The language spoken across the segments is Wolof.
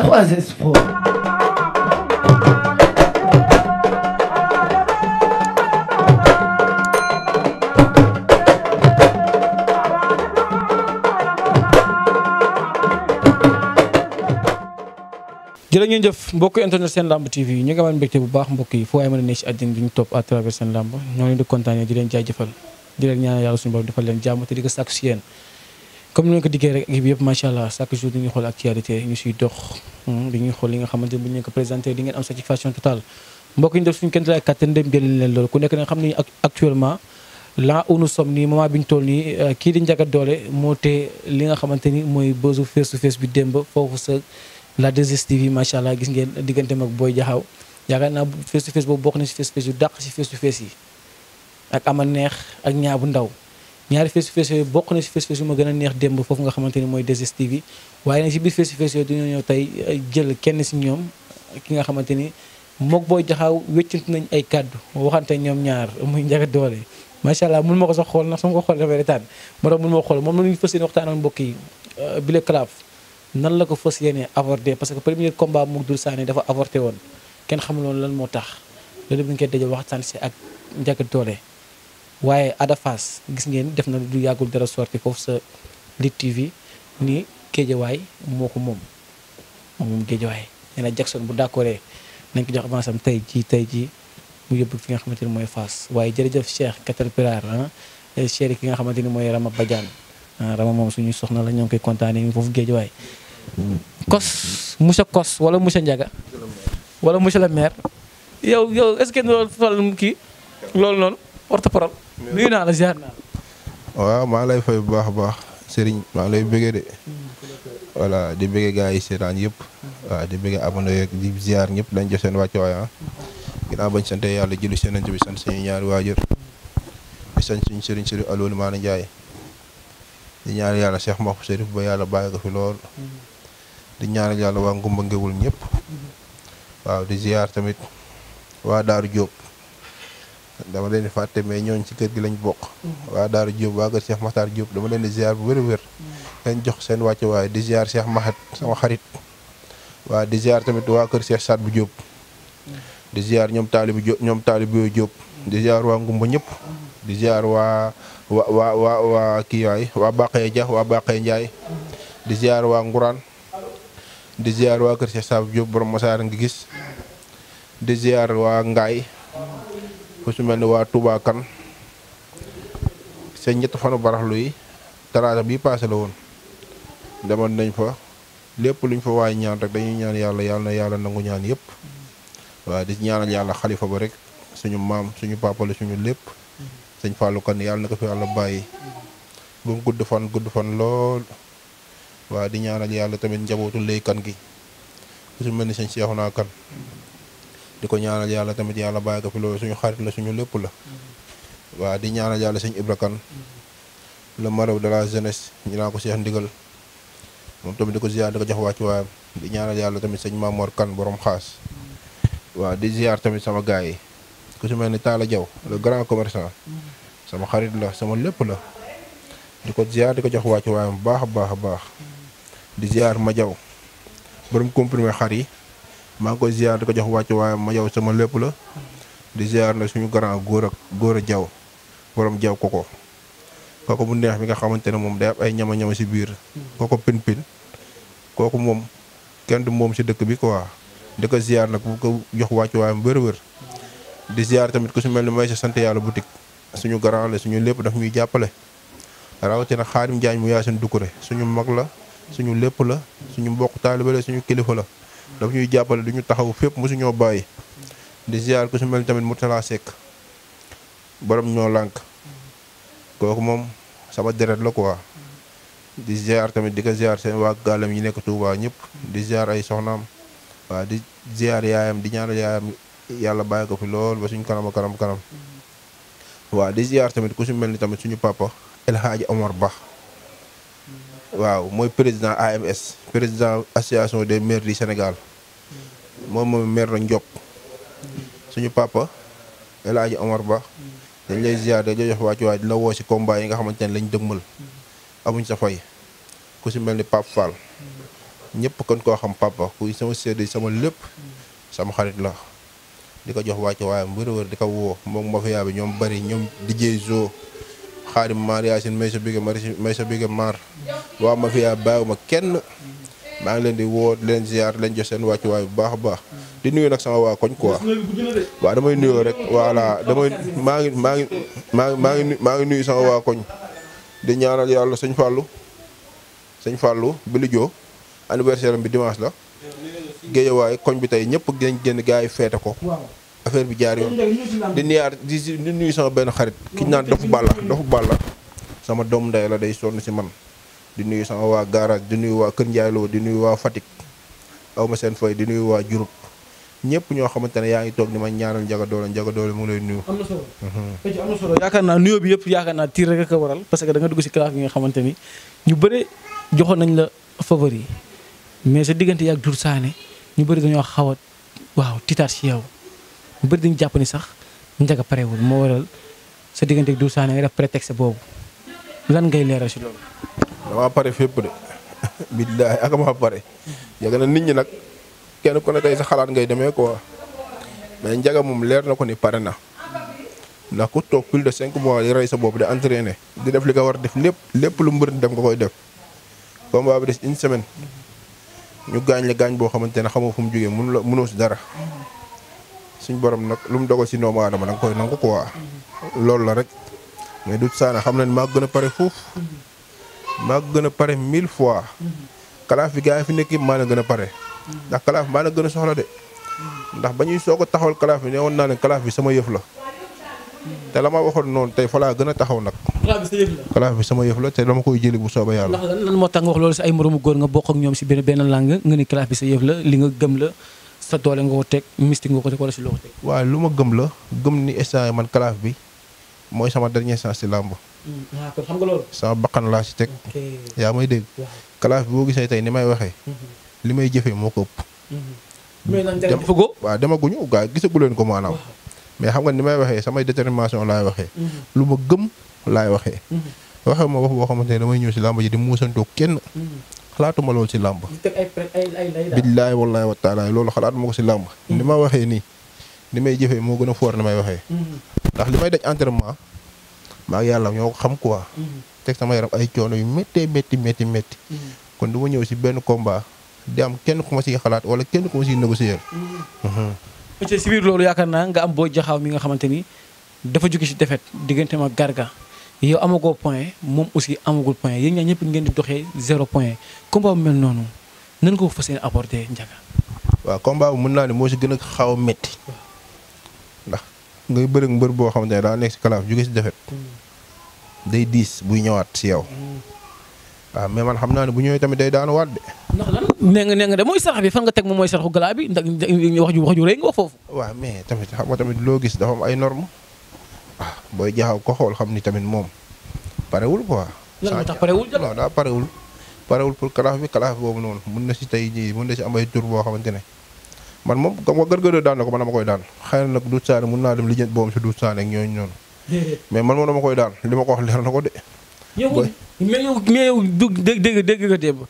3S Pro. jërë ngeen jëf mbokk internet seen lamb tv ñu ngi amaan mbégte bu baax mbokk foo ay mën a ne si àddina bi ñu topp à seen lamb ñoo leen di kontaane di leen jaajëfal di leen ñaanal yàlla suñu borom defal leen jàmm te di ko sàkku comme ni nga ko diggee rek équipe yëpp macha allah chaque jour dañuy xool actualité ñu siy dox hmm, dañuy xool li nga xamante bu ñu ko présenté di ngeen am satisfaction totale mbokk ñu def suñu kenn laay kàttan dem jëli leen loolu ku nekk na nga xam ne actuellement nii moment bi ñu toll nii euh, kii di njagat doole moo li nga xamante ni mooy bësu face to face bi démb foofu sa la 2STV yi macha allah gis ngeen diggante ak Boy Jaxaw yaakaar naa face to face boobu boo na si face to face yu dàq si face to face yi ak ama neex ak ñaabu ndaw ñaari face to face yooyu bokk na si face yu ma gën a neex démb foofu nga xamante ni mooy 2STV waaye nag si biir face to face yooyu dañoo ñëw tey eh, jël kenn si ñoom ki nga xamante ni mook booy jaxaaw wéccant nañ ay kàddu waxante ñoom ñaar muy njaga doole macha allah mun ma ko sax xool ndax su ma ko xool dafay retaan moo tax mun ma ko xool moom la ñu mbokk yi eh, bile Claf nan la ko fas yéene avorté parce que premier combat mook Doudou Sané dafa avorté woon kenn xamuloon lan moo tax loolu bu ñu waxtaan si ak njaga doole waaye a Fass gis ngeen def na du yàggul dara sorti foofu sa Lutte TV ni géejawaay moo ko moom moom géejawaay nee na Jackson bu d'accordee nañ ko jox avance am tey jii tey jii mu yóbbu fi nga xamante ni mooy Fass waaye jërëjëf Cheikh Katal Pilar ah eh, Cheikh ki nga xamante ni mooy Rama Badiane ah, Rama moom suñuy soxna la ñoo ngi koy kontaanee foofu géejawaay Kos monsieur Kos wala monsieur Ndiaga wala monsieur le maire yow yow est-ce que loolu fal kii loolu noonu porte-parole. nuyu naa la ziar naa waaw maa lay fay bu baax a baax sëriñ maa lay bëggee de. voilà di bëggee gars yi seetaan yëpp. waaw di bëggee abonné di ziar ñëpp dañ jox seen wàccuwaay ah. ginnaaw bañ sant yàlla julli seen bi sant suñu ñaari waajur. di sant suñu Serigne Serigne Alioune Maana di ñaan yàlla Cheikh Mokho Serif ba yàlla bàyyi ko fi lool. di ñaanal yàlla waa Ngumba Ngewul ñëpp. waaw di ziar tamit waa Daaru Diop. dama leen di fàtte mais ñooñ ci kër gi lañ bokk mhm. waa Daaru Diop waa kër Cheikh Makhtar Diop dama leen di ziar bu wér-wér leen mhm. jox seen wàcc waay di ziar seex maxet sama xarit waa di ziar tamit waa kër Cheikh Saad bu Diop mhm. di ziar ñoom taalibu Diop ñoom di ziar waa Ngumba ñëpp di ziar waa wa waa waa waa kii di ziar waa Nguraan di ziar waa kër Cheikh Saad bu Diop borom Masaar ngi gis di ziar waa Ngaay fu su mel ni waa Touba kan seen ñett fanu baraxlu yi talaata bi paase la woon demoon nañ fa lépp luñ fa waay ñaan rek dañuy ñaan yàlla yàlla yàlla nangu ñaan yëpp waaw di ñaanal yàlla xalifa ba rek suñu maam suñu papa la suñu lépp sëñ Fallou Kane yàlla na ko yàlla bàyyi bu mu gudd fan gudd fan lool waaw di ñaanal yàlla tamit njabootu lay kan gi su mel ni sëñ Cheikhouna Kane di ko ñaanal yàlla tamit yàlla bàyyi ko fi loolu suñu xarit la suñu lépp la waaw di ñaanal yàlla sañ Ibra Kane le maraw de la ñu naa ko seex ndigal moom tamit di ko ziar di ko jox wàcc waayam di ñaanal yàlla tamit sëñ Mamor Kane borom xaas waaw di ziar tamit sama gars yi ku si mel ni Talla Diaw le grand commerçant sama xarit la sama lépp la di ko ziar di ko jox wàcc waayam baax a baax a baax di ziar ma jaw borom comprimé xar yi maa ngi koy ziar di ko jox wàcc waaye ma yow sama lépp la di ziar na suñu grand góor ak góor a jaw borom jaw koko kooku bu neex bi nga xamante ne moom day am ay ñama-ñama si biir kooku pin pin kooku moom kenn du moom si dëkk bi quoi di ko ziar nag bu ko jox wàcc waaye mu wër di ziar tamit ku si mel ni may sa sant yàlla boutique suñu grand la suñu lépp daf ñuy jàppale rawatina xaarim jaañ mu yaay seen dukkure suñu mag la suñu lépp la suñu mbokk taaliba la suñu kilifa la daf ñuy jàppale du ñu taxaw fépp mosuñoo bàyyi di ziar ku si mel tamit mu Mourtala Seck borom ñoo lànk kooku moom sama deret la quoi di ziar tamit di ko ziar seen waa gàllam yi nekk Touba ñëpp di ziar ay soxnaam waaw di ziar yaayam di ñaanal yaayam yàlla bàyyi ko fi lool ba suñ kanam kanam kanam waaw di ziar tamit ku si mel ni tamit suñu papa El Hadji Omar Ba waaw mooy président AMS président association des maires du Sénégal moom mooy maire la Ndiop suñu papa El Hadj Omar Ba dañ lay ziar dañ lay jox wàccuwaay di la woo si combat yi nga xamante ne lañ dëgmal amuñ sa fay ku si mel ni Pape Fall ñëpp kon koo xam papa kuy sama séedee sama lépp sama xarit la di ko jox wàccuwaayam wërëwër di ko woo moom mafia bi ñoom bari ñoom DJ Zo Xaadim Mar Yaasin may may sa bige Mar waa mafia bàyyiwuma kenn. maa ngi leen di woo di leen ziar leen jox seen wàccuwaay bu baax baax di nuyu nag sama waa koñ quoi waa damay nuyoo rek voilà damay maa ngi maa ngi maa ngi maa ngi maa ngi nuyu sama waa koñ di ñaanal yàlla sëñ Fallou sëñ Fallou Billy Dio anniversaire bi dimanche la waaye koñ bi tey ñëpp génn génn gars yi feete ko affaire bi jaar yoon di niyaar di nuyu sama benn xarit ki ñu naan dofu bàlla dofu bàlla sama doom ndey la day sonn si man di nuyu sama waa garage di nuyu waa Kër Ndiaye Lo di nuyu waa Fatick aw ma seen fay di nuyu waa Diouroup ñëpp ñoo xamante ne yaa ngi toog ni ma ñaanal Ndiaga Dolé Ndiaga Dolé mu ngi lay nuyu. Mhm. na solo. yaakaar naa nuyoo bi yëpp yaakaar naa tiir rek a ko waral parce que da dugg si classe bi nga xamante ñu bëre joxoon nañ la favori mais sa diggante yaag Dour Sané ñu bëri dañoo xaw a waaw tiitaat si yow ñu bëri dañu jàpp ni sax Ndiaga parewul moo waral sa diggante ak Dour Sané nga def prétexte boobu lan damaa pare fépp de billaay ak maa pare yëg na nit ñi nag kenn ku na tay sa xalaat ngay demee quoi mais njaga moom leer na ko ni pare na ndax ku toog plus de cinq mois di rey sa bopp di entraîner di def li nga war def lépp lépp lu mbër dem nga koy def combat bi des une semaine ñu gaañ la gaañ boo xamante ne xamoo fu mu jógee mënu la mënoo si dara suñ borom nag lu mu dogal si doomu adama da nga koy nangu quoi mhm. loolu la rek mais du saana xam na ne maa gën a pare foofu maa gën a pare mille fois. Mhm. kalaaf bi gars yi fi nekk yëpp maa la gën a pare. Mhm. ndax kalaaf maa la gën a soxla de. Mhm. ndax ba ñuy soog a taxaw kalaaf bi ne woon naa ne kalaaf bi sama yëf la. te la ma waxoon noonu tey fa gën a taxaw nag. kalaaf bi sama yëf la te dama koy jëli bu soobee yàlla. ndax lan lan moo tax nga wax loolu si ay moromu góor nga bokk ak ñoom si benn benn langue nga ni kalaaf bi sa yëf la li nga gëm la sa doole nga ko teg mystique nga ko teg wala si loo ko teg. waaw lu ma gëm la gëm ni instant man kalaaf bi mooy sama dernier chance ci làmb. Hmm, ah, kon xam sama bakkan laa ci teg. yaa may dégg. kalaaf bi boo gisee tey ni may waxe hmm. li may jëfee moo ko ëpp. Hmm. mais nan ko. waaw demaguñu gaa gisagu ko maanaam. mais xam nga ni may waxee samay détermination laay waxee. lu ma gëm laay waxee. waxee ma wax boo xamante ne damay ñëw ci làmb ji di muusantoo kenn. xalaatuma loolu ci làmb. ay ay ay billaay wallaay wa loolu xalaatuma ko ci làmb. ni ma waxee nii. li may jëfee moo gën a foor ni may waxee. Mm-hmm. ndax li may daj entraînement maa yàlla ñoo ko xam quoi. Mm-hmm. teg sama yaram ay coono yu méttee métti métti métti. Mm-hmm. kon du ma ñëw si benn combat di am kenn ku ma siy xalaat wala kenn ku ma siy négocier. monsieur si biir loolu yaakaar naa nga am boo jaxaaw mi nga xamante ni dafa jóge si defet digganteem ma garga yow amagoo point moom aussi amagul point yéen ñaa ñëpp ngeen di doxee zéro point combat bu mel noonu nan nga ko fas yéene apporter Ndiaga. waaw combat bu naa ne moo si gën xaw a métti. ngay bëri ak mbër boo xamante ne daa nekk si kalaaf jóge si defet mm. day diis buy ñëwaat si yow. waaw mm. ah, mais man xam naa ne bu ñëwee tamit day daanu waat de. ndax lan nee nga de mooy sarax bi fan nga teg moom mooy saraxu galaa bi ndax wax ju wax ju rëy nga foofu. waaw mais tamit xam nga tamit loo gis dafa am ay normes ah booy jaxaw ko xool xam ni tamit moom parewul quoi. lan moo tax parewul jël non daa parewul. parewul pour kalaaf bi kalaaf boobu noonu mun na si tey jii mun na ci am tur boo xamante ne. man moom ko que gërgëree daan na ko man dama koy daan xëy na nag duut saane mun naa dem li jënt boobu si duut saane ak mais man moom dama koy daan li ma ko wax leer na ko de yow mais yow mais yow du dégg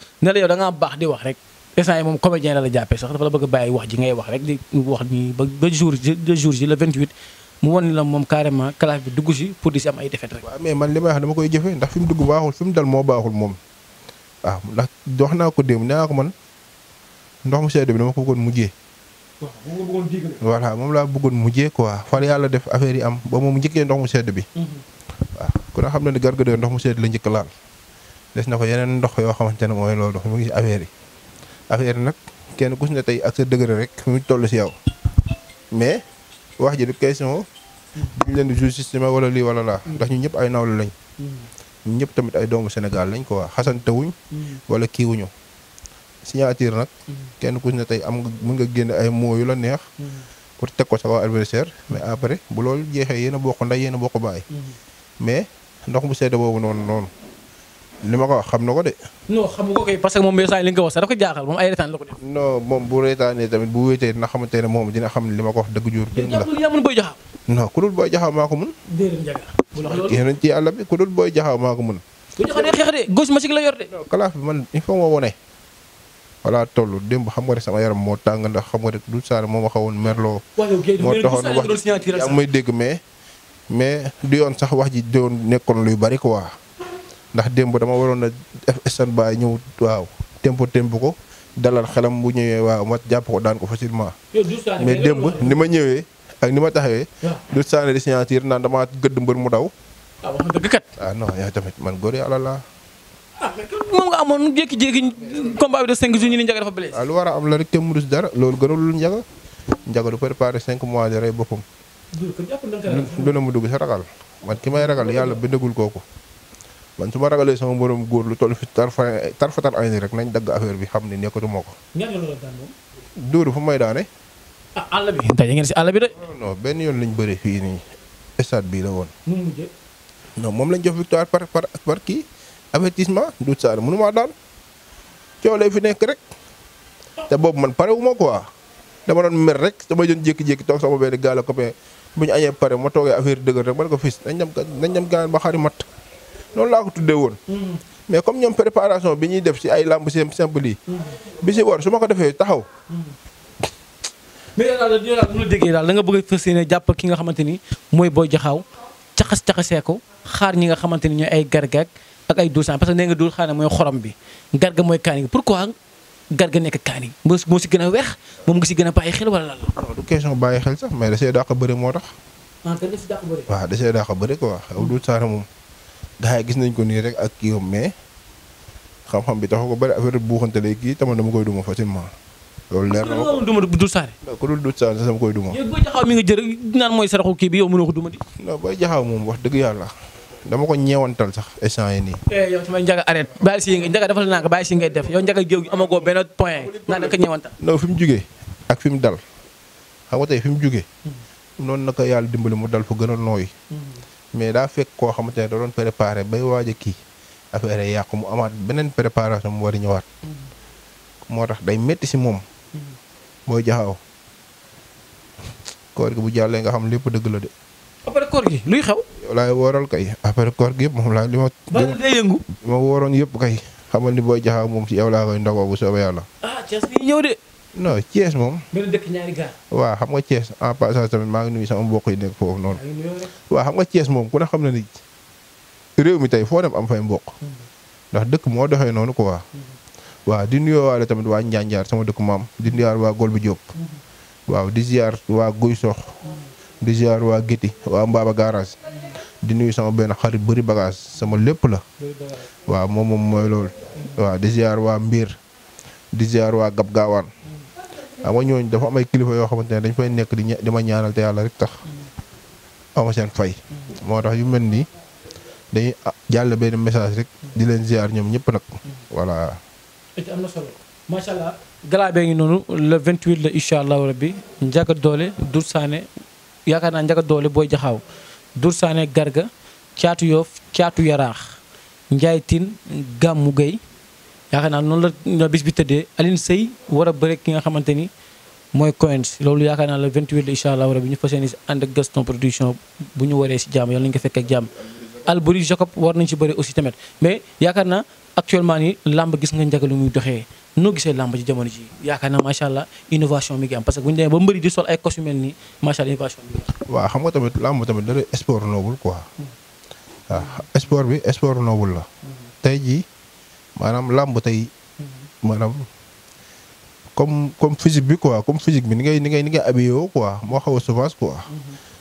baax di wax rek instant moom comédien la la jàppee sax dafa la bëgg bàyyi wax ji ngay wax rek di wax ni ba ba jour la moom carrément classe bi dugg si pour di si am ay défaite rek. waaw mais man li may wax dama koy jëfee ndax fi mu dugg baaxul fi mu dal moo baaxul moom waaw ndax wax naa ko démb nee naa ko man ndox mu sedd bi dama ko bëggoon mujjee voilà moom laa bëggoon mujjee quoi far yàlla def affaire yi am ba moom njëkkee ndox mu sedd bi. Mhm. waaw ku ne xam na ne Garga de ndox mu sedd la njëkk laal des na ko yeneen ndox yoo xamante ne mooy loolu mu ngi si affaire yi. affaire yi nag kenn ku si ne tey ak sa dëgër rek fi mu toll si yow mais wax ji de question. dañ leen di juge système wala lii wala laa. Mhm. ndax ñun ñëpp ay nawle lañ. Mhm. ñun ñëpp tamit ay doomu Sénégal lañ ko xasante wuñ. wala kii wuñu signature nag kenn ku ci ne tey am mun nga génn ay mots yu la neex pour teg ko sa kaw adversaire mais après bu loolu jeexee yéen a bokk nday yéen a bokk bàyyi mais ndox mu sedd boobu noonu noonu li ma ko xam na ko de. non parce que moom message li nga ko wax sax dafa ko jaaxal moom ay retaan la ko def. non moom bu retaanee tamit bu wéetee dina xamante ne moom dina xam li ma ko wax dëgg jur. booy jaxaw. non maa ko mun. déedéet njaga. bu la yéen ci yàlla bi ku dul booy jaxaw maa ko mun. bu ñu xoolee kalaaf bi man i faut ma wone. voilà tollu démb xam nga ne sama yaram moo tàng ndax xam nga ne du saar moo ma xawoon merloo moo taxoon wax yaa may dégg mais mais du yoon sax wax ji doon nekkoon luy bari waa ndax démb dama waroon na def stand by ñëw waaw tempo tempo ko dalal xelam bu ñëwee waaw ma jàpp ko daan ko facilement mais démb ni ma ñëwee ak ni ma taxee ah. du saane di signature naan dama gëdd mbër mu daw ah, ah non yaa tamit man góor moom nga amoon jékki-jékki combat bi de cinq jours ñu ne Ndiaga dafa blessé. Ah, lu war am la rek te mu rus dara loolu gënalul Ndiaga Ndiaga du préparé cinq mois de rey boppam. la mu dugg sa ragal man ki may ragal yàlla bindagul kooku man su ma ragalee sama borom góor lu toll fi tarfa tarfatal ay rek nañ dagg affaire bi xam ne nekkatuma ko. dóor fu may daane. ah àll bi tey ngeen si àll bi de. non benn yoon lañ bëre fii nii bii la woon. moom lañ jox victoire par par avertissement Doudou Sané mënu maa daan coow lay fi nekk rek te boobu man pare wu ma quoi dama doon mer rek damay doon jékki-jékki toog sama benn gaal copain bu ñu añee pare ma toogee affaire dëgër rek man ko fis nañ dem nañ dem gaal ba xari mat noonu laa ko tuddee woon. Mm. mais comme ñoom préparation bi ñuy def si ay lamb simple yi. Mm. bi si war su ma ko defee taxaw. Mm. mais daal dañu daal bu la nga bëgg a fas jàpp ki nga xamante ni mooy booy jaxaaw caxas caxasee ko xaar ñi nga xamante ni ñooy ay gargag ak ay duul sang parce que nee nga duul xaana mooy xorom bi garga mooy kaani pourquoi garga nekk kaani moo moo si gën a weex moom nga si gën a bàyyi xel wala lan la. du question bàyyi xel sax mais da see dàq moo ah, waaw da see dàq bëri quoi xaw duul sang moom daxay gis nañ ko nii rek ak kii mais xam-xam bi taxu ko bëri affaire buuxante lay kii tamit dama koy duma facilement. loolu leer ma ko duma du saare. ku dul du saare sama mooy saraxu kii bi yow mënoo ko duma di. non booy jaxaw moom wax dëgg yàlla dama ko ñeewantal sax échange yi nii. Eh, yow sama njaga arrête bàyyi si njaga defal naa ko bàyyi si ngay def yow njaga géew gi amagoo benn point naan ak fi mu dal xam nga fi mu jugee hmm. noonu na ko yàlla dimbali mu dal fa gën nooy hmm. mais daa fekk koo xamante ne da doon préparé bay waaj kii affaire yi yàqu mu amaat beneen préparation mu war a ñëwaat. Hmm. moo tax day métti si moom. mooy jaxaw koor gi bu jàllee nga xam lépp dëgg la de. après koor gi luy xew. laay woral kay après koor gi yëpp moom laa li ma. ba tey yëngu. ma wooroon kay xamal ni booy jaxaa moom ci yow laa koy ndogoo bu ah, moom. benn xam nga Thiès en passant maa ngi nuyu sama mbokk yi nekk foofu xam nga Thiès moom ku ne xam na ni réew mi tey foo dem am fay mbokk. Hmm. ndax dëkk moo doxee noonu quoi. Hmm. waaw di nuyoowaale tamit waa Njanjaar sama dëkk maam di nuyaar waa Golbu Diop. Hmm. waaw di ziar waa Guy Sox. di waa Gétti waa Mbaba Garage. di nuyu sama benn xarit bari bagage sama lépp la. waaw moom moom mooy loolu. waa di ziar waa Mbir. di ziar waa Gab Gaawaan. xam nga ñooñu dafa am ay kilifa yoo xamante ne dañ fay nekk di di ma ñaanal te yàlla rek tax. ama seen fay. moo tax yu mel nii dañuy ah, jàll benn message rek. di leen ziar ñoom ñëpp nag. voilà. am na solo ngi noonu le 28 la incha allahu rabbi njaga doole Dour Sané yaakaar naa njaga doole booy jaxaaw. Dursane Garga caatu Yoff caatu Yaraax Ndiaye Tine Gammu Gueye yaakaar naa noonu la bis bi tëddee Aline Seye war a bëre ki nga xamante ni mooy Coins loolu yaakaar naa la 28 la incha allah rabi ñu fas yéene si ànd Gaston production bu ñu waree si jàmm yàlla nañu ko fekk ak jàmm. Alboury Jacob war nañu si bëri aussi tamit mais yaakaar naa actuellement ni làmb gis nga njëkk lu muy doxee. noo gisee làmb ci jamono ji yaakaar naa macha allah innovation mi ngi am parce que bu ñu demee ba mbëri di sol ay costume mel nii allah innovation mi ngi am. nga tamit làmb tamit dara sport noble quoi. Hmm. waaw sport bi sport noble la. Hmm. tey jii maanaam làmb tey hmm. maanaam comme comme bi quoi comme physique bi ni ngay ni ngay ni ngay habillé quoi moo xaw a souvent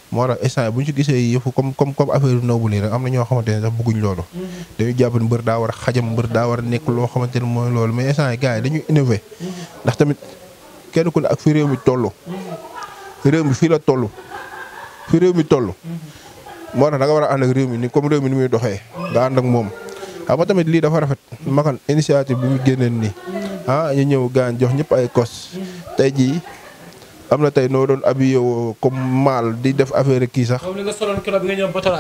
moo tax instant bu ñu si gisee yëfu comme comme comme affaire noobu lii rek am na ñoo xamante ne sax bëgguñ loolu mm-hmm. dañu jàpp mbër daa war a xajam mbër daa war a nekk loo xamante ne mooy loolu mais instant yi gars yi dañuy innové mm-hmm. ndax tamit kenn ku ne ak fi réew mi toll mm-hmm. réew mi fii la toll fi réew mi toll moo tax da nga war a ànd ak réew mi ni comme réew mi ni muy doxee nga ànd ak moom xam nga tamit lii dafa rafet makan initiative bi mu génneen nii ah ñu ñëw gaan jox ñëpp ay kos tey jii am na tey noo doon habillé woo comme maal di def affaire kii sax. moom li nga soloon keroog bi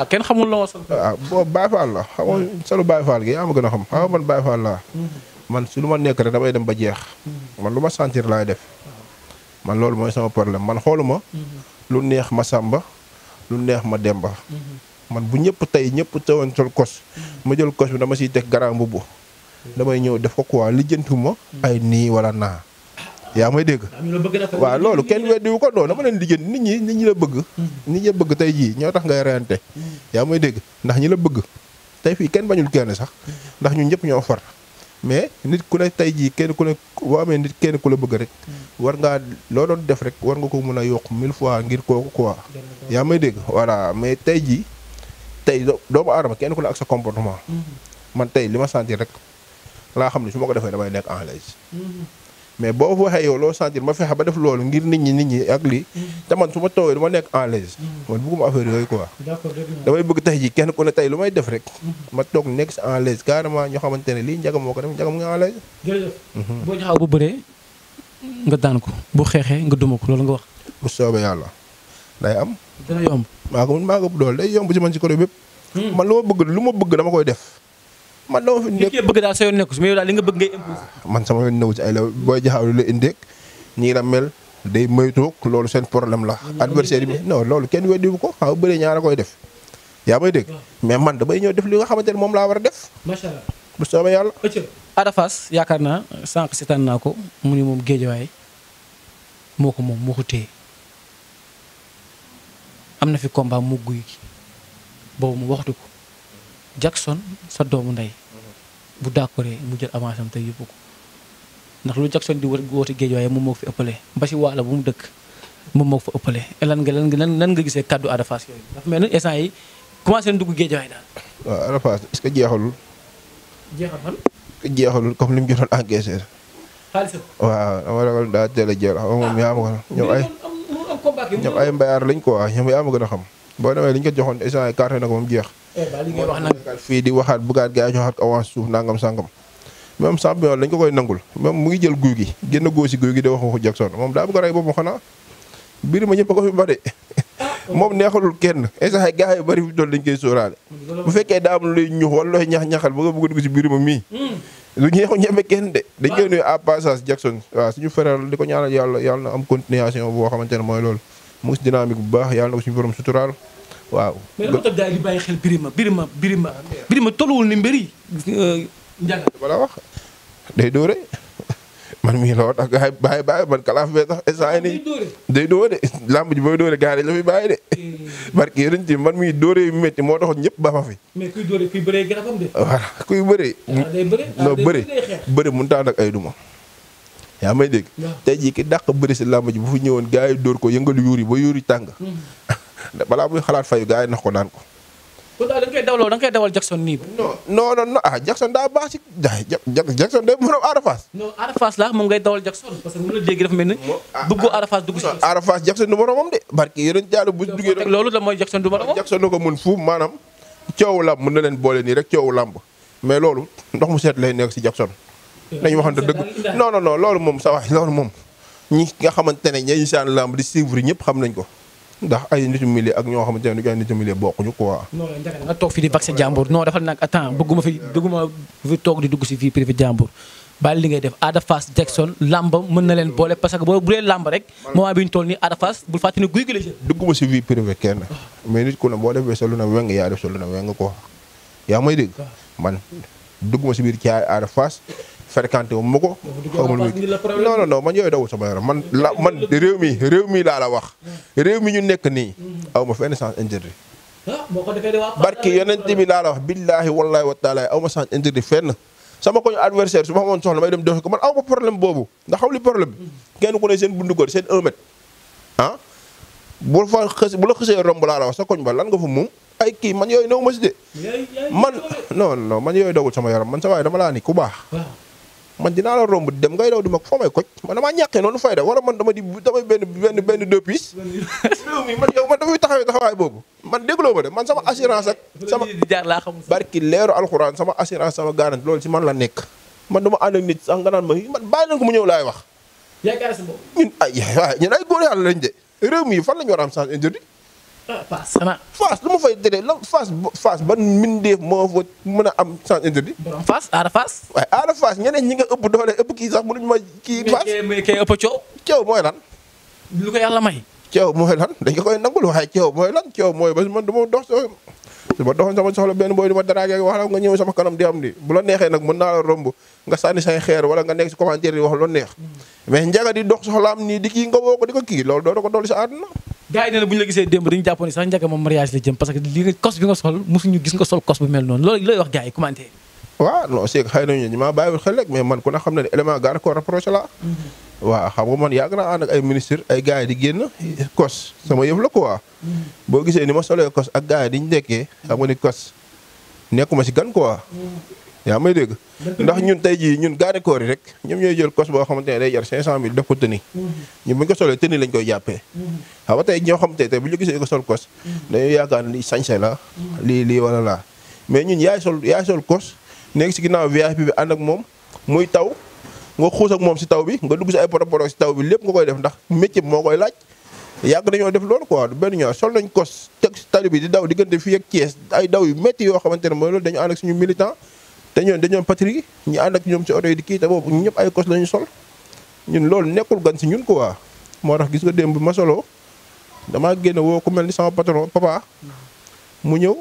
kenn xamul la woon. ah boo Baye la hmm. solo Baye Fall gi yaa ma gën man hmm. si lu ma nekk rek damay dem ba jeex. Hmm. man lu ma sentir laay def. man loolu mooy sama problème man xooluma. lu neex ma sàmba lu neex ma Demba. man bu ñëpp tey ñëpp teewoon sol kos. ma jël kos bi dama si teg garaan mbubb damay ñëw def ko quoi lijjantu ma. ay nii wala naa. yaa may dégg waaw loolu kenn weddiwu ko doo dama leen liggéey nit ñi nit ñi la bëgg hmm. nit ñi bëgg tey jii ñoo tax ngay reyante hmm. yaa may dégg ndax ñi la bëgg tey fii kenn bañul kenn sax hmm. ndax ñun ñëpp ñoo far mais nit ku ne tey jii kenn ku ne boo amee nit kenn ku la bëgg rek war ngaa loo doon def rek war nga ko mën a yokk mille fois ngir kooku quoi yaa may dégg voilà mais tey jii doo doomu aadama kenn ku ne ak sa comportement man tey li ma sentir rek laa xam ne su ma ko defee damay nekk en l'aise mais boo waxee yow loo sentir ma fexe ba def loolu ngir nit ñi nit ñi ak lii te man su ma toogee du ma nekk en l'aise man bëgguma affaire yooyu quoi damay bëgg tey ji kenn ko ne tey lu may def rek ma toog nekk si en l'aise carrément ñoo xamante ne lii njagam ko def njagam nga en l'aise jërëjëf mhm. boo jaxaw bu bëree nga daan ko bu xeexee nga duma ko loolu nga wax bu soobee yàlla day am dina yomb maa ko mun maa ko dool day yomb si man si côté bépp hmm. man lu ma bëgg lu ma bëgg dama koy def man dama fi nekk bëgg daal sa yoon nekk su mais yow daal li nga bëgg ngay imposé man sama yoon newu ci ay la booy jaxaw lu la indeeg ñii mel day moytu loolu seen problème la adversaire bi non loolu kenn weddiwu ko xaw bëri ñaara koy def yaa may dégg mais man damay ñëw def li nga xamante ne moom laa war a def macha allah bu soobee yaakaar naa sànq naa ko mu ni moom géejawaay moo ko moom moo ko téye am na fi combat mu guy gi boobu mu waxtu ko Jackson sa doomu ndey bu dàkkooree mu jël avance tey yóbbu ko ndax lu Jackson di wër woote géej waaye moom fi ëppale Mbassi Waala bu mu dëkk moom moo ko fa ëppale lan nga lan nga nga gisee kàddu Ada mel na instant dugg géej waaye daal. waaw Ada Fass est jeexalul. jeexalul comme ni mu jotoon encaissé. xaalisam waaw dama ragal daa teel a jeexal xam nga ay ah, ñoom mbayaar lañ quoi ñoom yaa ma gën a xam boo demee liñ ko joxoon instant yi carte na ko moom jeex Eh, li ngay wax nag fii di waxaat bugaat gaa yi joxaat ko avance suuf nangam sangam. même champion lañ ko koy nangul même mu ngi jël guy gi génn góosi guy gi de wax waxu Jackson moom daa bëgg a rey boppam xanaa mbir ma ñëpp ko fi bare ah, moom neexalul kenn esaay gaa yu bari fi doon dañ koy sóoraale bu fekkee daa am luy ñux wala looy ñax-ñaxal boo nga bëgg dugg si mbir ma mii hmm. lu ñeexu ñeme kenn de dañ koy nuyu à passage Jackson waaw suñu frère di ko ñaanal yàlla yàlla na am continuation boo xamante ne mooy loolu mu ngi si dynamique baax yàlla na ko suñu borom suturaal waaw. mais lu tax gars yi di bàyyi xel Birima Birima Birima Birima tolluwul ni mbir yi. Euh, Ndiaga bala wax day dóore man mii la wax gars yi bàyyi bàyyi man kalaaf bee sax instant yii nii. day dóore làmb ji booy dóore gars yi la fi bàyyi de. parce eh. que yéen ci man mii dóore yu métti moo taxoon ñëpp ba fa fi. mais kuy dóore kuy bëree garabam de. voilà kuy bëree. ah day bëree ah day bëree xeex bëri mënut a ànd ak ay duma. yaa may dégg. tey jii ki dàq bëri si làmb ji bu fi ñëwoon gars yi dóor ko yëngal yuur yi ba yuur yi tàng. Mm-hmm. balaa muy xalaat fayu gars yi nax ko naan ko. kon daal da nga koy dawloo da dawal Jackson nii. non non non ah Jackson daa baax ci Jackson day mën a Arafas. non Arafas laa moom dawal Jackson parce que mu la dégg dafa mel ni. Ah, ah, dugg Arafas dugg si. Arafas Jackson du moromam de barke bu duggee. teg loolu la mooy Jackson du moromam. Jackson ko mën fuuf maanaam coowu làmb mën na leen boole nii rek coowu làmb mais loolu ndox mu seet lay nekk si Jackson. nañu waxante dëgg non non non loolu moom sa waay loolu moom ñi nga xamante ne ñooy saan làmb di suivre ñëpp xam nañ ko ndax ay nitu milieu ak ñoo xam ne ay nitu milieu bokkuñu ko non non nga toog fi di vaccin jàmbur non dafa nag attends bëgguma fi bëgguma fi toog di dugg si vie privée jàmbur. bàyyi li ngay def Ada Fass Jackson làmb mën na leen boole parce que boo bu dee làmb rek moment bi ñu toll nii Ada Fass bul fàttali ne guy gi la jël. dugguma si vie privée kenn mais nit ku ne boo defee sa lu ne weng yaa def sa lu ne weng quoi yaa may dégg ah. man dugguma si biir caay Ada Fass fréquenté wu ma ko. xaw ma non non non man yooyu dawul sama yaram man la man réew mi réew mi laa la wax. Hmm. réew mi ñu nekk nii. aw ma fenn sens interdit. boo ko defee barki yonent bi laa la wax billaahi wallaahi wa taala aw ma sens interdit fenn. sama koñu adversaire su ma xamoon soxla may dem dox ko man aw ma problème boobu ndax xam li problème bi. Hmm. kenn ku ne seen bundu kër seen 1 mètre. ah bu la xësee romb laa la wax sa koñ ba lan nga fa moom. ay kii man yooyu néew ma si de. man non non man yooyu man sa waay dama laa ku baax. man dinaa la romb dem ngay daw di mag foo may koj man damaa ñàkkee noonu fayda wala man dama di damay benn benn benn deux pièces réew mi man yow man dafay taxawee taxawaay boobu man dégloo ma de man sama assurance ak sama barki leeru alxuraan sama assurance sama garanti loolu ci man la nekk man dama ànd ak nit sax nga naan ma man bàyyi leen ko mu ñëw laay wax ñun ay ñun ay góor yàlla lañ de réew mi fan lañu war am sens interdit Fass xanaa. Fass lu ma fay tere la Fass Fass moo fa mën a am sans interdit. borom aada Fass. waaye aada Fass ñeneen ñi nga ëpp doole ëpp kii sax mënuñu ma ñu Fass mais kay ëpp coow. coow mooy lan. lu ko yàlla may. coow mooy lan dañu koy nangul waaye coow mooy lan coow mooy ba ma dox soo su ma soxla benn booy di ma wax la nga ñëw sama kanam di am di bu la neexee nag mën naa la romb nga sànni say xeer wala nga nekk si commentaire yi wax la neex mais njaga di dox soxlaam nii di kii nga woo ko di ko kii loolu doo ko dolli sa àdduna gaa yi nee na bu ñu la gisee démb dañu jàppoon sax njëkk moom mariage la jëm parce que li nga cos bi nga sol mosuñu gis nga sol cos bu mel noonu loolu looy wax gaa yi commenté man ku ne xam ne ne élément garde corps rapproché la mm-hmm. waaw xam nga man yàgg naa ànd ak ay ministre ay gars yi di génn kos sama yëf la quoi mm-hmm. boo gisee ni ma solee kos ak gars yi diñ nekkee xam nga ni kos nekkuma si gan quoi. yaa may dégg ndax ñun tey jii ñun gaari koor yi rek ñoom ñooy jël kos boo xamante ne day jar 500000 def ko tëni mm-hmm. ñun bu ñu ko solee tëni lañ koy jàppee mm-hmm. xam nga tey ñoo xam te tey bu ñu gisee ko sol kos mm-hmm. dañuy yaakaar ne lii sañse la lii lii wala laa mais ñun yaay sol yaay sol kos nekk si ginnaaw VIP bi ànd ak moom muy taw nga xuus ak moom si taw bi nga dugg si ay poro poro si taw bi lépp nga koy def ndax métier moo koy laaj yàgg nañoo def loolu quoi benn ñaar sol nañ kos teg tali bi di daw diggante fii ak Thiès ay daw yu métti yoo xamante ne mooy loolu dañu ànd ak suñu militant te ñoom dañoo patrie ñu ànd ak ñoom ci oto yi di kii te boobu ñëpp ay kos lañu sol ñun loolu nekkul gan si ñun quoi moo tax gis nga démb bi ma soloo damaa génne woo ko mel ni sama patron papa mu ñëw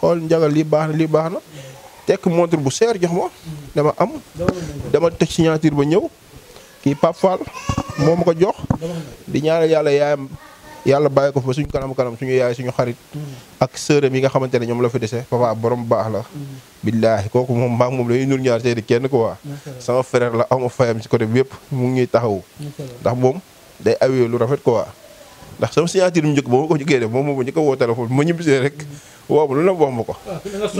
xool njagal lii baax na lii baax na tekk montre bu seer jox ma dama am dama teg signature ba ñëw kii Pape Fall moom ma ko jox di ñaanal yàlla yaayam yàlla bàyyi ko fa suñ kanam kanam suñu yaay suñu xarit ak sërëm yi nga xamante ne ñoom la fi dese papa borom baax la billaahi kooku moom maak moom lañuy nur ñaar seeti kenn quoi sama frère la awma fayam si côté bi yëpp mu ngi taxaw ndax moom day awee lu rafet quoi ndax sama signature mu njëkk ba ma ko jógee def moom moom ma njëkk a ma ñibbisee rek woo ma lu ne wax ma ko.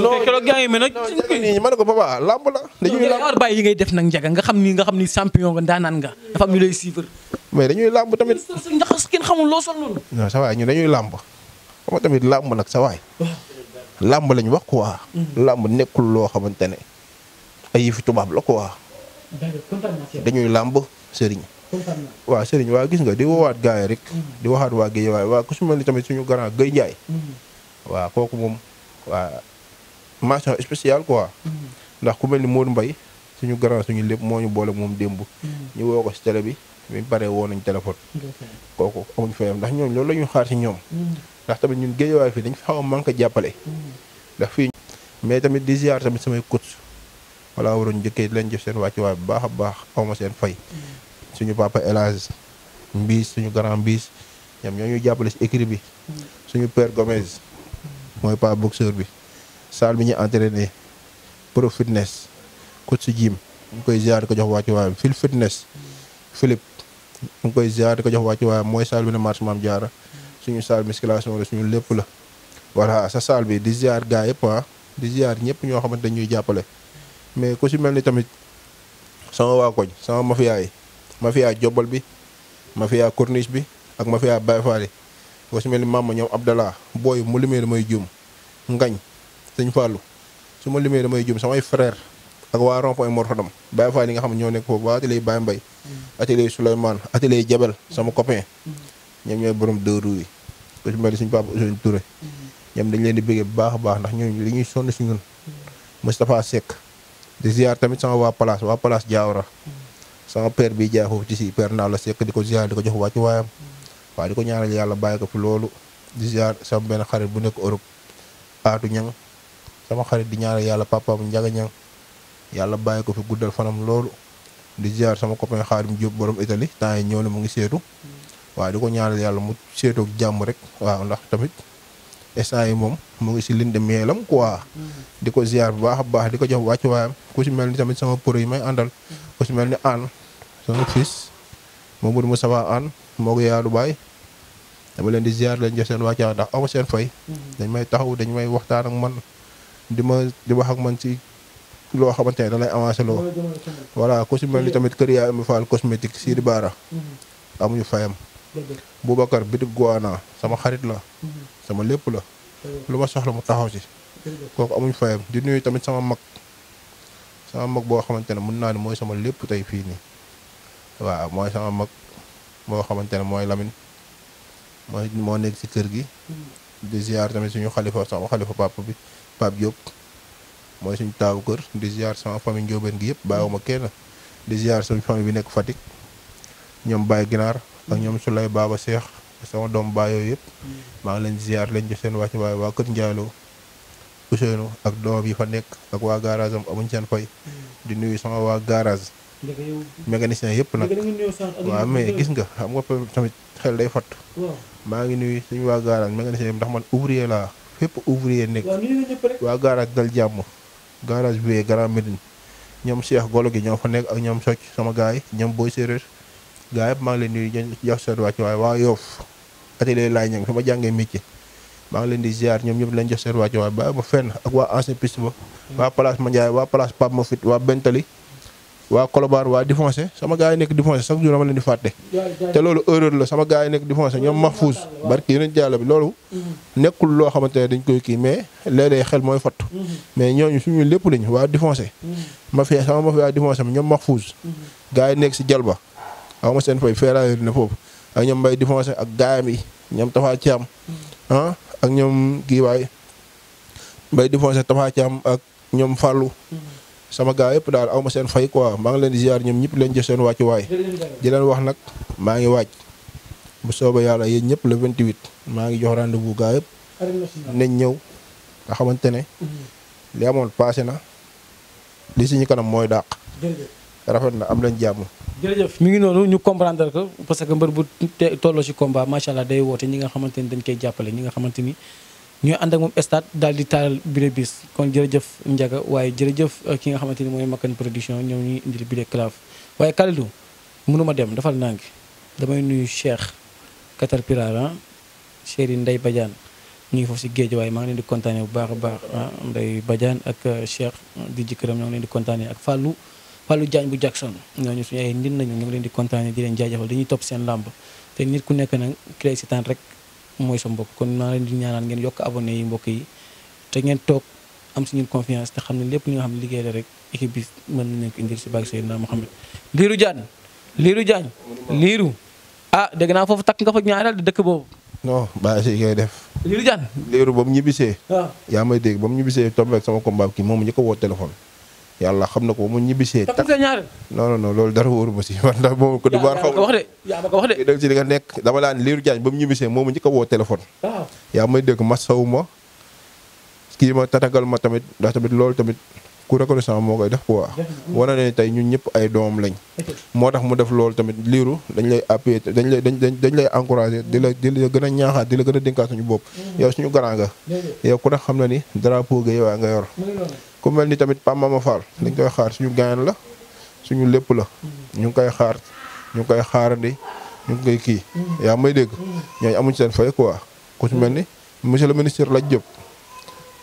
non keroog gaa ngi mel làmb la. dañuy làmb bàyyi yi ngay def nag njaga nga xam ni nga xam ni champion nga ndaanaan nga dafa am ñu lay suivre. mais dañuy làmb tamit. sa waay ñun dañuy làmb xam nga tamit làmb nag sa waay. làmb lañ wax quoi. Mm-hmm. làmb nekkul loo xamante ne ay yëfi tubaab la quoi. dañuy làmb sëriñ. waaw sëriñ waa gis nga di woowaat gars yi rek. Mm-hmm. di waxaat waa Guèye waaye waa ku tamit suñu grand Guèye Ndiaye. Mm-hmm. waaw kooku moom waa mention spéciale quoi. Mm-hmm. ndax ku mel ni Modou mbay suñu grand suñu lépp moo ñu boole moom démb. Mm-hmm. ñu woo ko si tele bi bi pare woo nañ téléphone. kooku amuñ fayam ndax ñoom loolu la ñuy xaar si ñoom. Mm-hmm. ndax tamit ñun géejewaay fi dañ fi xaw a manqué jàppale. ndax fii mais tamit di ziar tamit samay coach wala waroon njëkkee lañ leen jëf seen wàccuwaay bu baax a baax xaw ma seen fay. suñu papa El Hadj Mbiis suñu grand Mbiis ñoom ñoo ñuy jàppale si écrit bi. suñu per Gomez. mooy pas boxeur bi salle bi ñu entraîné pro fitness coach si jim ñu koy ziar ko jox wàccu waayam fil fitness Philippe ñu koy ziar di ko jox wàccu waayam mooy salle bi ne marche maam jaara suñu salle musculation la suñu lépp la voilà sa salle bi di ziar gars yëpp waa ah, di ziar ñëpp ñoo xamante dañuy jàppale mais ku si mel ni tamit sama waa koñ sama mafia yi mafia jobal bi mafia corniche bi ak mafia Baye Fall yi boo si mel ni maama ñoom Abdallah booy mu limee damay juum ngañ sëñ Fallou su ma limee damay juum samay frère ak waa rond-point Mor Fadam Baye yi nga xam ne ñoo nekk foofu waa atelier Baye Mbaye mm. atelier Souleymane atelier Jabel sama copain mm. ñoom ñooy borom deux roues yi ku si mel ni suñu papa Ousseynou Touré mm. dañ leen di bëggee bu baax a baax ndax ñooñu li ñuy sonn si ñun Moustapha Seck di ziar tamit sama waa place waa place Diawara sama père bi jaay foofu ci si père naa la Seck di ko ziar di ko jox wàcc waayam waa di ko ñaanal yàlla bàyyi ko fi loolu di ziar sama benn xarit bu nekk Europe aatu ñang sama xarit di ñaanal yàlla papaam njaga ñang yàlla bàyyi ko fi guddal fanam loolu di ziar sama copain Xaadim Jóob borom Italie temps yi ñëw na mu ngi seetu waa di ko ñaanal yàlla mu seetoog jàmm rek waaw ndax tamit instant yi moom mu ngi si linde meelam quoi mm-hmm. di ko ziar bu baax baax di ko jox wàccu waayam ku si mel ni tamit sama pro yi may àndal mm-hmm. ku si mel ni aan sama fils Mamadou Moustapha baay dama leen di ziar leen jox seen wàccaay ndax aw seen fay. Mm-hmm. dañ may taxaw dañ may waxtaan ak man di ma di wax ak man ci loo xamante ne da avancé loo. voilà ku si mel ni tamit kër yaay mi faal cosmétique Sidi Baara. Mm-hmm. amuñu fayam. Boubacar bitig Guana sama xarit la. Mm-hmm. sama lépp la. lu ma soxla mu taxaw si. kooku amuñu fayam di nuyu tamit sama mag. sama mag boo xamante ne mën naa ne mooy sama lépp tey fii nii. waaw mooy sama mag boo xamante ne mooy Lamine. mooy moo nekk ci kër gi di ziar tamit suñu xalifa sama xalifa papa bi Pape Diop mooy suñu taawu kër di ziar sama famille njóobeen gi yëpp ma kenn di ziar suñu famille bi nekk Fatick ñoom Baye Ginaar ak ñoom su Souley Baba Cheikh sama doom baay yooyu yëpp maa ngi leen di ziar leen jox seen wàcc waaye waa kër Ndiallo Ousseynou ak doom yi fa nekk ak waa garage am amuñ seen fay di nuyu sama waa garage mécanicien yëpp nag waaw mais gis nga xam nga tamit xel day fott maa ngi nuy suñu waa garage mécanicien yëpp ndax man ouvrier laa fépp ouvrier nekk waa garage dal jàmm garage bi Grand Médine ñoom Cheikh golo gi ñoo fa nekk ak ñoom socc sama gars yi ñoom Boy Séeréer gars yëpp maa ngi leen nuyu ñu jox seen wàcc waaye waa Yoff atelier laay ñang fi ma jàngee métier maa ngi leen di ziar ñoom ñëpp leen jox seen wàcc waaye bàyyi ma fenn ak waa ancien piste ba hmm. waa place waa Colobane waa Difoncé sama gars yi nekk Difoncé chaque jour dama leen di fàtte te loolu erreur la sama gars yi nekk Difoncé ñoom Mahfouz barki yeneen jàll bi loolu nekkul loo xamante ne dañ koy kii mais léeg-léeg xel mooy fott mais ñooñu suñu lépp lañ waa Difoncé ma fi sama ma fi waa Difoncé ñoom Mahfouz gars yi nekk si Jalba aw ma seen fay feeraayir na foofu ak ñoom Mbaye Difoncé ak gaayam yi ñoom Tafa Thiam ah ak ñoom kii waay Mbaye Difoncé Tafa am ak ñoom Fallou sama gaa yëpp daal aw ma seen fay quoi maa ngi leen di ziar ñoom ñëpp leen jox seen wàccuwaay di leen wax nag maa ngi wàcc bu soobee yàlla yéen ñëpp le 28 maa ngi jox rendez bu gaa yëpp nañ ñëw nga xamante ne li amoon passé na li suñu kanam mooy dàq rafet na am leen jàmm jërëjëf ngi noonu ñu comprendre ko parce que mbër bu te tolloo ci combat macha allah day woote ñi nga xamante ni dañ koy jàppale ñi nga xamante ni ñooy ànd ak moom stade daal di taaral bile bis kon jërëjëf Ndiaga waaye jërëjëf euh, ki nga xamante ni mooy Makan production ñoom ñu indil bile clave waaye Kalidou mënuma dem dafal nangi damay nuyu Cheikh Katar Pirara ah, Cheikh Ndeye Badiane ñu ngi foofu si géej waaye maa ngi leen di kontaane bu baax a baax ah, Ndeye Badiane ak euh, Cheikh di jëkkëram ñoo leen di kontaane ak Fallou Fallou Diagne bu Jackson ñooñu suñu ay nit nañu ñu ngi leen di kontaane di leen jaajëfal dañuy topp seen làmb te nit ku nekk nag ki lay rek mooy sa mbokk kon maa leen di ñaanal ngeen yokk abonné yi mbokk yi te ngeen toog am si ñun confiance te xam ne lépp li nga xam ne liggéey la rek équipe bi mën nañu i indil si bàgg Seydina Mohamed liiru Diagne liiru Diagne liiru ah dégg naa foofu takk nga fa ñaareel di dëkk boobu non bàyyi si koy def liiru Diagne liiru ba mu ñibbisee waaw ah. yaa may dégg ba mu ñibbisee tombeek sama combat kii moom ñu ko woo téléphone yàlla xam na ko mu ñibbisee. takk see ñaar non loolu dara wóoru ma si man ndax ko. yaa ma ko wax de yaa ko nga nekk dama daan liiru jaañ ba mu ñibbisee moomu njëkk a woo téléphone. yaa may dégg masawu ma kii ma tatagal ma tamit ndax tamit loolu tamit ku reconnaissant moo koy def quoi. wane ne tey ñun ñëpp ay doom lañ. moo tax mu def loolu tamit liiru dañ lay appuyer dañ lay dañ dañ lay encourager di la di la gën a ñaaxaat di la gën a dénkaat suñu bopp. yow suñu grand nga. yow ku ne xam na ni drapeau ga yow nga yor. ku mel ni tamit Pape Mama Fall dañ koy xaar suñu gaañ la suñu lépp la. ñu ngi koy xaar ñu ngi koy xaarandi ñu ngi koy kii. yaa may dégg ñooñu amuñ seen fay quoi ku ci mel ni monsieur le ministre Lat Diop.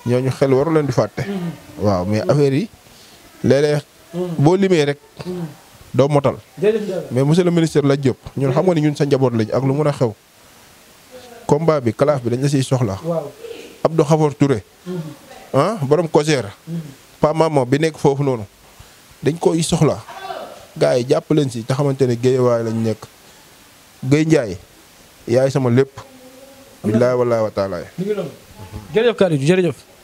ñooñu xel waru leen di fàtte. Mm-hmm. waaw mais affaire yi léeg mm-hmm. boo limee rek. Mm-hmm. doo motal. mais monsieur le ministre la Diop ñun xam nga ni ñun sa njaboot lañ ak lu mun a xew. combat bi kalaaf bi dañ la siy soxla. waaw Abdou Khafor Touré. ah borom Kosera. Pa bi nekk foofu noonu. dañ koy soxla gars yi jàpp leen si te xamante ne géewaay lañ nekk. Guèye Ndiaye yaay sama lépp. billaay wallaay wa